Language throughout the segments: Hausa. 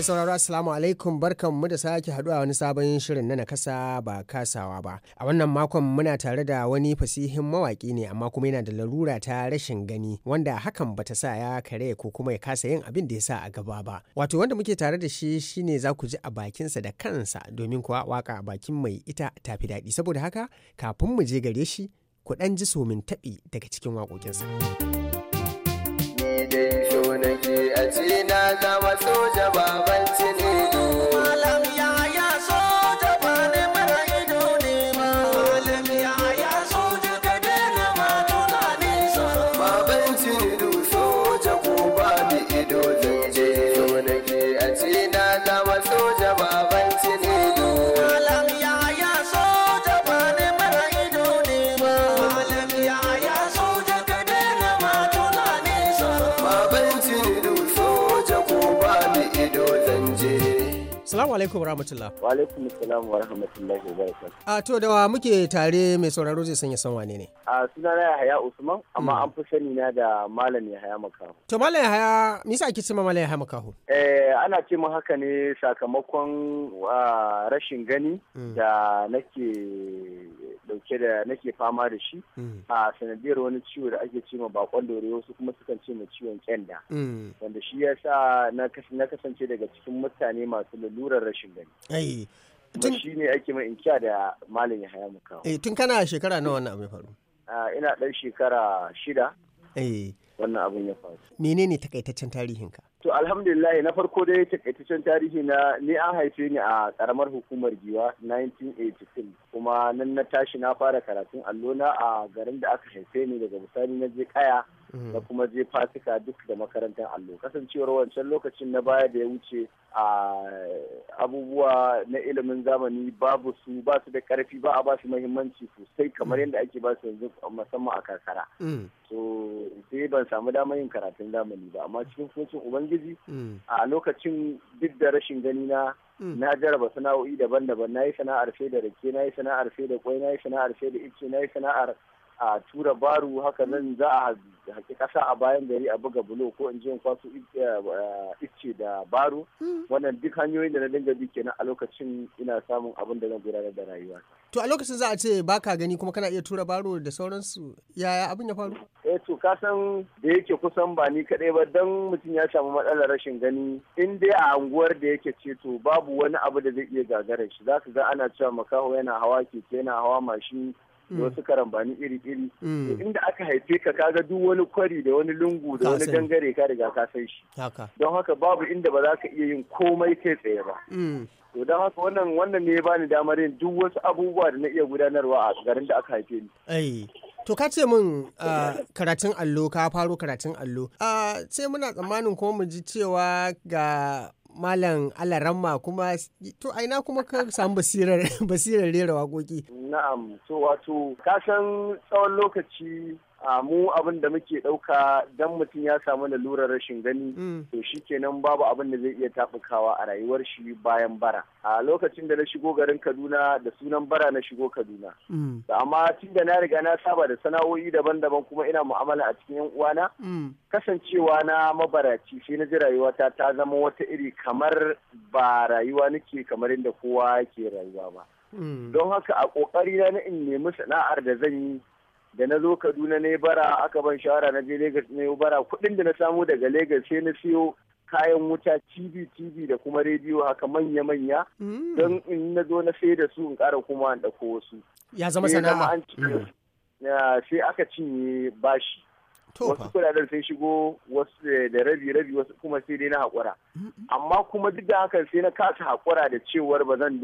Mai sauraro Assalamu alaikum mu da sake haduwa wani sabon shirin na nakasa ba kasawa ba. A wannan makon muna tare da wani fasihin mawaki ne amma kuma yana da larura ta rashin gani wanda hakan bata sa ya kare ko kuma ya kasa yin abin da ya sa a gaba ba. Wato wanda muke tare da shi shine za ku ji a bakinsa da kansa domin kuwa waka a bakin mai ita tafi daɗi. Saboda haka kafin mu je gare shi ku ɗan ji somin taɓi daga cikin waƙoƙinsa. nake a ce na zama soja baban ne. Malam ya Assalamu alaikum rahmatullah. Wa alaikum salam wa rahmatullahi wa barakatuh. A to da wa muke tare mai sauraro zai sanya san wane ne? A suna na Yahaya Usman amma hmm. an fi sani na da Malam Yahaya Makaho. To Malam Yahaya me yasa ake cewa Malam Yahaya Makaho? Eh ana ce mun haka ne sakamakon ah, rashin gani hmm. da nake dauke da nake fama da shi mm. a sanadiyar wani ciwo da ake ce ma bakon dore wasu kuma sukan ce ma ciwon kyanda mm. wanda shi ya sa na kasance daga cikin mutane masu lalurar rashin gani tun shi ne ake mai inkiya da malam Yahaya Mukawa eh tun kana shekara nawa wannan abin faru ina dan shekara shida eh wannan abin ya faru. Menene takaitaccen tarihinka? To alhamdulillah na farko dai takaitaccen tarihi na ni an haife ni a karamar hukumar Giwa 1983 kuma nan na tashi na fara karatun allona a garin da aka haife ni daga misali na je kaya Mm-hmm. da kuma je fasika duk da makarantar allo kasancewar wancan lokacin na baya da ya wuce a abubuwa na ilimin zamani babu su ba su da karfi ba a ba su muhimmanci sosai kamar mm-hmm. yadda ake ba su yanzu musamman a karkara mm-hmm. so sai ban samu damar yin karatun zamani ba amma cikin suncin ubangiji a lokacin duk da rashin gani na na jaraba sana'o'i daban-daban na yi sana'ar sai da rake na yi sana'ar sai da kwai na yi sana'ar sai da ice na yi sana'ar a tura baru haka nan za a haƙi ƙasa a bayan gari a buga bulo ko in je kwasu eh, eh, icce da baro hmm. wannan duk hanyoyin da na dinga bi kenan a lokacin ina samun abin da zan gudanar da rayuwa to a lokacin za a ce baka gani kuma kana iya tura baro da sauransu yaya abin ya faru eh to ka san da yake kusan ba ni kaɗai ba dan mutum ya samu matsalar rashin gani in dai a anguwar da yake ce to babu wani abu da zai iya gagarar shi za ka ga ana cewa makaho yana hawa keke yana hawa mashin Mm. da wasu karambani iri-iri mm. inda aka haife ka kaga duk wani kwari da wani lungu da wani dangare ka riga ka san shi don haka babu inda ba za ka iya yin komai kai tsaye ba mm. to don haka wannan wannan ne ya bani damar yin duk wasu abubuwa da na iya gudanarwa a garin da aka haife ni To ka ce min ah, karatun allo ka faro karatun allo. Ah, sai muna tsammanin kuma mu ji cewa ga Malam Alaramma kuma to aina kuma ka samu basirar rera waƙoƙi. Na'am, to wato kasan tsawon lokaci a mu abin da muke ɗauka dan mutum ya samu lalurar rashin gani mm. to shi kenan babu abin da zai iya taɓukawa a rayuwar shi bayan bara a lokacin da na shigo garin kaduna da sunan bara na shigo kaduna mm. amma tun da na riga na saba da sana'o'i daban-daban kuma ina mu'amala a cikin 'yan uwana mm. kasancewa na mabaraci sai na ji rayuwata ta zama wata iri kamar ba rayuwa nake kamar yadda kowa ke rayuwa ba don haka a ƙoƙarina na in nemi sana'ar da zan yi da na zo kaduna ne bara aka ban shawara na je lagos na bara kudin da na samu daga legas sai na siyo kayan wuta tv tv da kuma rediyo haka manya manya mm. don in na zo na sai da su in kara kuma an dauko wasu ya zama sana'a mm. sai aka cinye bashi wasu kudaden sai shigo wasu da rabi rabi wasu kuma sai dai na haƙura amma kuma duk da hakan sai na kasa haƙura da cewar ba zan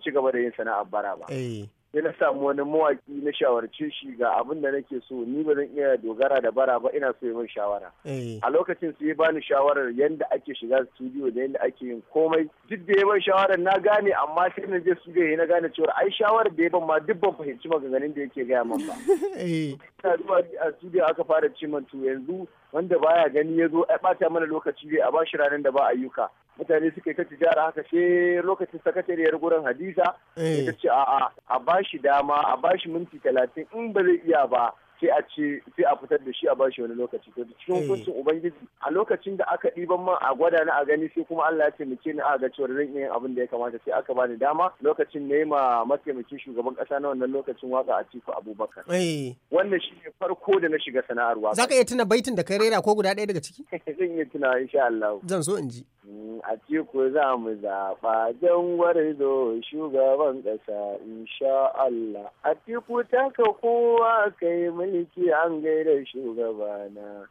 ci gaba da yin sana'ar bara ba eh. sai na samu wani mawaki na shawarci shi ga abin da nake so ni ba zan iya dogara da bara ba ina so min shawara eh. a lokacin sai bani shawarar yanda ake shiga studio da yanda ake yin komai duk da ban shawarar na gane amma sai na je studio na gane cewa ai shawarar da ban ma duk ban fahimci maganganun da yake gaya man ba eh. ina zuwa a studio aka fara ce yanzu wanda baya gani ya zo a bata mana lokaci dai a bashi ranar da ba ayyuka mutane suke ta tijara haka she lokacin sakatariyar gurin hadiza eh. ta ce a'a a bashi dama a bashi minti talatin in ba zai iya ba sai a ce sai a fitar da shi a bashi wani lokaci to cikin eh. hukuncin ubangiji a lokacin da aka ɗiban ma a gwada na a gani sai kuma Allah ya taimake ni a ga cewa zan iya yin abin da ya kamata sai aka bani dama lokacin ne ma mataimakin shugaban kasa na wannan lokacin waka a Atiku Abubakar eh. wannan shi ne farko da na shiga sana'ar waka zaka iya tuna baitin da ka rera ko guda ɗaya daga ciki zan iya tuna insha Allah zan so in ji a mm, Atiku za mu zaɓa don warzo shugaban ƙasa insha Allah Atiku taka kowa kai mai mulki an gaida shugabana.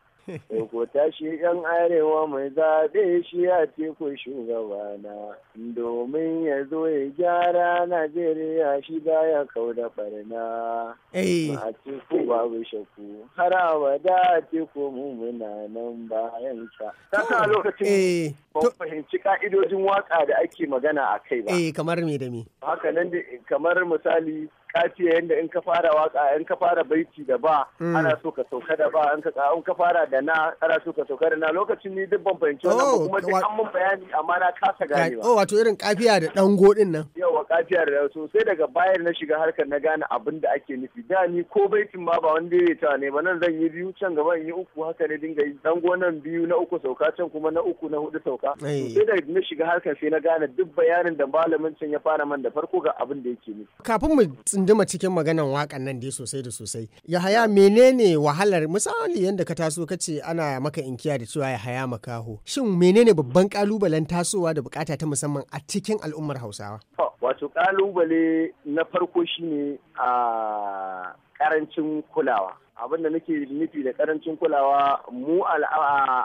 ko tashi yan arewa mai zaɓe shi a teku shugabana. Domin ya zo ya gyara Najeriya shi ya kau da barna. A teku babu shaku. Har abada a teku mu muna nan bayan sa. Ta sa lokacin ban fahimci ka'idojin waka da ake magana a kai ba. Eh kamar me da me. haka nan da kamar misali kafiya yadda in ka fara waka in ka fara baiti da ba mm. ana so ka sauka da ba in ka in ka fara da na ana so ka sauka da na lokacin ni duk ban fahimci wannan ba oh, kuma duk an mun bayani amma na kasa gane ba oh wato irin kafiya da dango din nan yawa kafiya da so sai daga bayan na shiga harkar na gane abin da ake nufi da ni ko baitin ma ba wanda ya ta ne ba nan zan yi biyu can gaba yi uku haka ne dinga yi dango nan biyu na uku sauka can kuma na uku na hudu sauka sai daga na shiga harkar sai na gane duk bayanin da malamin can ya fara man da farko ga abin da yake nufi. Kafin mu tsinduma cikin maganan wakan nan dai sosai da sosai. Yahaya menene wahalar misali yadda ka taso ka ce ana maka inkiya da cewa Yahaya makaho. Shin menene babban kalubalen tasowa da bukata ta musamman a cikin al'ummar Hausawa? Wato kalubale na farko shine a ah, karancin kulawa. abin da nake nufi da karancin kulawa mu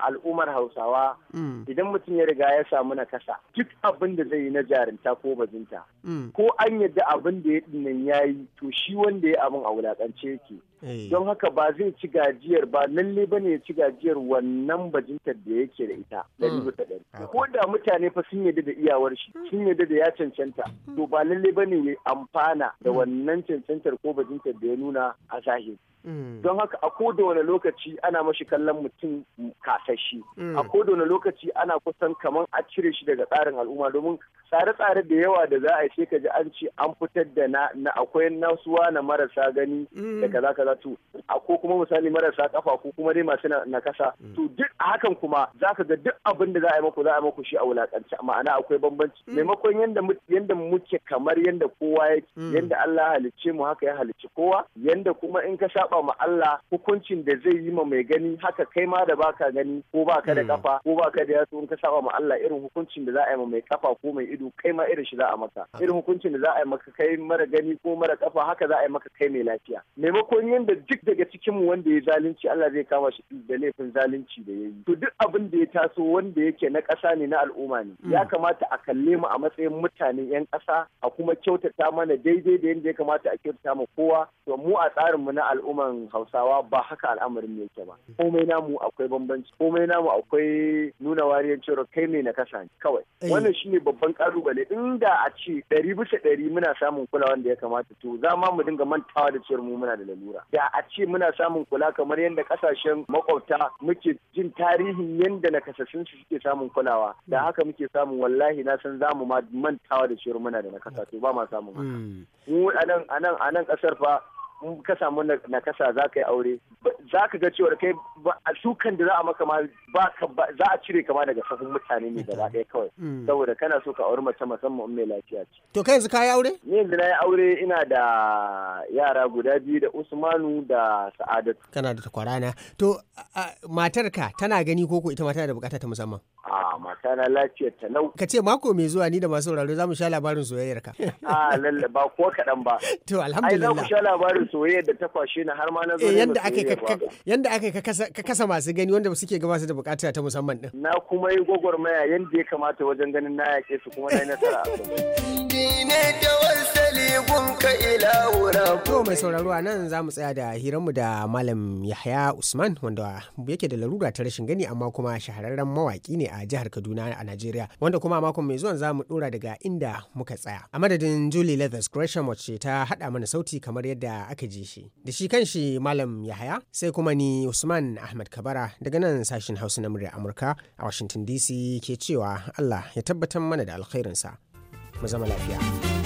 al'ummar hausawa mm. idan mutum ya riga ya samu na kasa duk abin da zai yi na jarinta ko bazinta mm. ko an yadda abin da ya dinnan ya yi to shi wanda ya abin a wulakance yake eh. don haka ba zai ci gajiyar ba lalle ba ne ya ci gajiyar wannan bajintar da yake da ita mm. ko da mutane fa sun yadda da iyawar shi sun yadda da ya cancanta to ba lalle ba ne ya amfana da wannan cancantar ko bajintar da ya nuna a zahiri Mm. don haka a kodawane lokaci ana mashi kallon mutum kasashe mm. a kodawane lokaci ana kusan kamar a cire shi daga tsarin al'umma domin tsare-tsare da yawa da za a yi ka ji an ce an fitar da na akwai nasuwa na marasa gani mm. da kaza kaza to ko kuma misali marasa kafa ko kuma dai masu na kasa to duk a hakan kuma za ka ga duk abin da za a yi maku za a yi maku shi a wulakance ma'ana akwai bambanci maimakon yanda yanda muke kamar yanda kowa yake yanda Allah halicce mu haka ya halicci kowa yanda kuma in ka saba ma Allah hukuncin da zai yi ma mai gani haka kai ma da baka gani ko baka da hmm. kafa ko baka da yatsu in ka saba ma Allah irin hukuncin da za a yi ma mai kafa ko mai ido kai ma irin shi za a maka ah. irin hukuncin da za a yi maka kai mara gani ko mara kafa haka za a yi maka kai mai lafiya maimakon yanda duk daga cikin mu wanda ya zalunci Allah zai kama shi da laifin zalunci da yayi to duk abin da ya taso wanda yake na ƙasa ne na al'umma ne hmm. ya kamata a kalle mu a matsayin mutanen 'yan ƙasa a kuma kyautata mana daidai da yanda ya kamata a kyautata ma kowa to mu a tsarin mu na al'umma musamman hausawa ba haka al'amarin yake ba komai namu akwai bambanci komai namu akwai nuna wariyar cewa kai ne na kasa ne kawai eh. wannan shine babban kalubale inda a ce ɗari bisa ɗari muna samun kulawan da ya kamata to za ma mu dinga mantawa da cewar mu muna da lalura da a ce muna samun kula kamar yadda kasashen makwabta muke jin tarihin yadda nakasassun su suke samun kulawa da hmm. haka muke samun wallahi na san zamu ma mantawa da cewar muna da nakasa to ba ma samun haka hmm. mu nan anan anan kasar fa ka samu kasa za ka yi aure za ka ga cewar kai a sukan da za a maka ba za a cire kama daga sahun mutane ne gaba ɗaya kawai mm. Mm. saboda kana so ka auri mace musamman mai lafiya ce to kai yanzu ka yi aure ni yanzu na yi aure ina da yara guda biyu da Usmanu da Sa'adatu kana da takwarana to ka tana gani koko ita ma tana da bukata ta musamman a mata na lafiyar ta ka ce mako mai zuwa ni da masu sauraro za mu sha labarin soyayyar ka a lalle ba ko kaɗan ba to alhamdulillah ai za mu sha labarin da ta kwashe na har ma na zo eh, yanda aka yanda aka ka kasa masu gani wanda suke gaba su da bukata ta musamman din na kuma yi gwagwarmaya yanda ya kamata wajen ganin na yake su kuma na nasara mai sauraro a nan za mu tsaya da hiranmu da Malam Yahya Usman wanda yake da larura ta rashin gani amma kuma shahararren mawaki ne a jihar Kaduna a Najeriya wanda kuma makon mai zuwan za mu dora daga inda muka tsaya. A madadin Julie Leathers Gresham wacce ta hada mana sauti kamar yadda aka ji shi. Da shi kan shi Malam Yahaya sai kuma ni Usman Ahmad Kabara daga nan sashin Hausa na muryar Amurka a Washington DC ke cewa Allah ya tabbatar mana da alkhairinsa. Mu zama lafiya.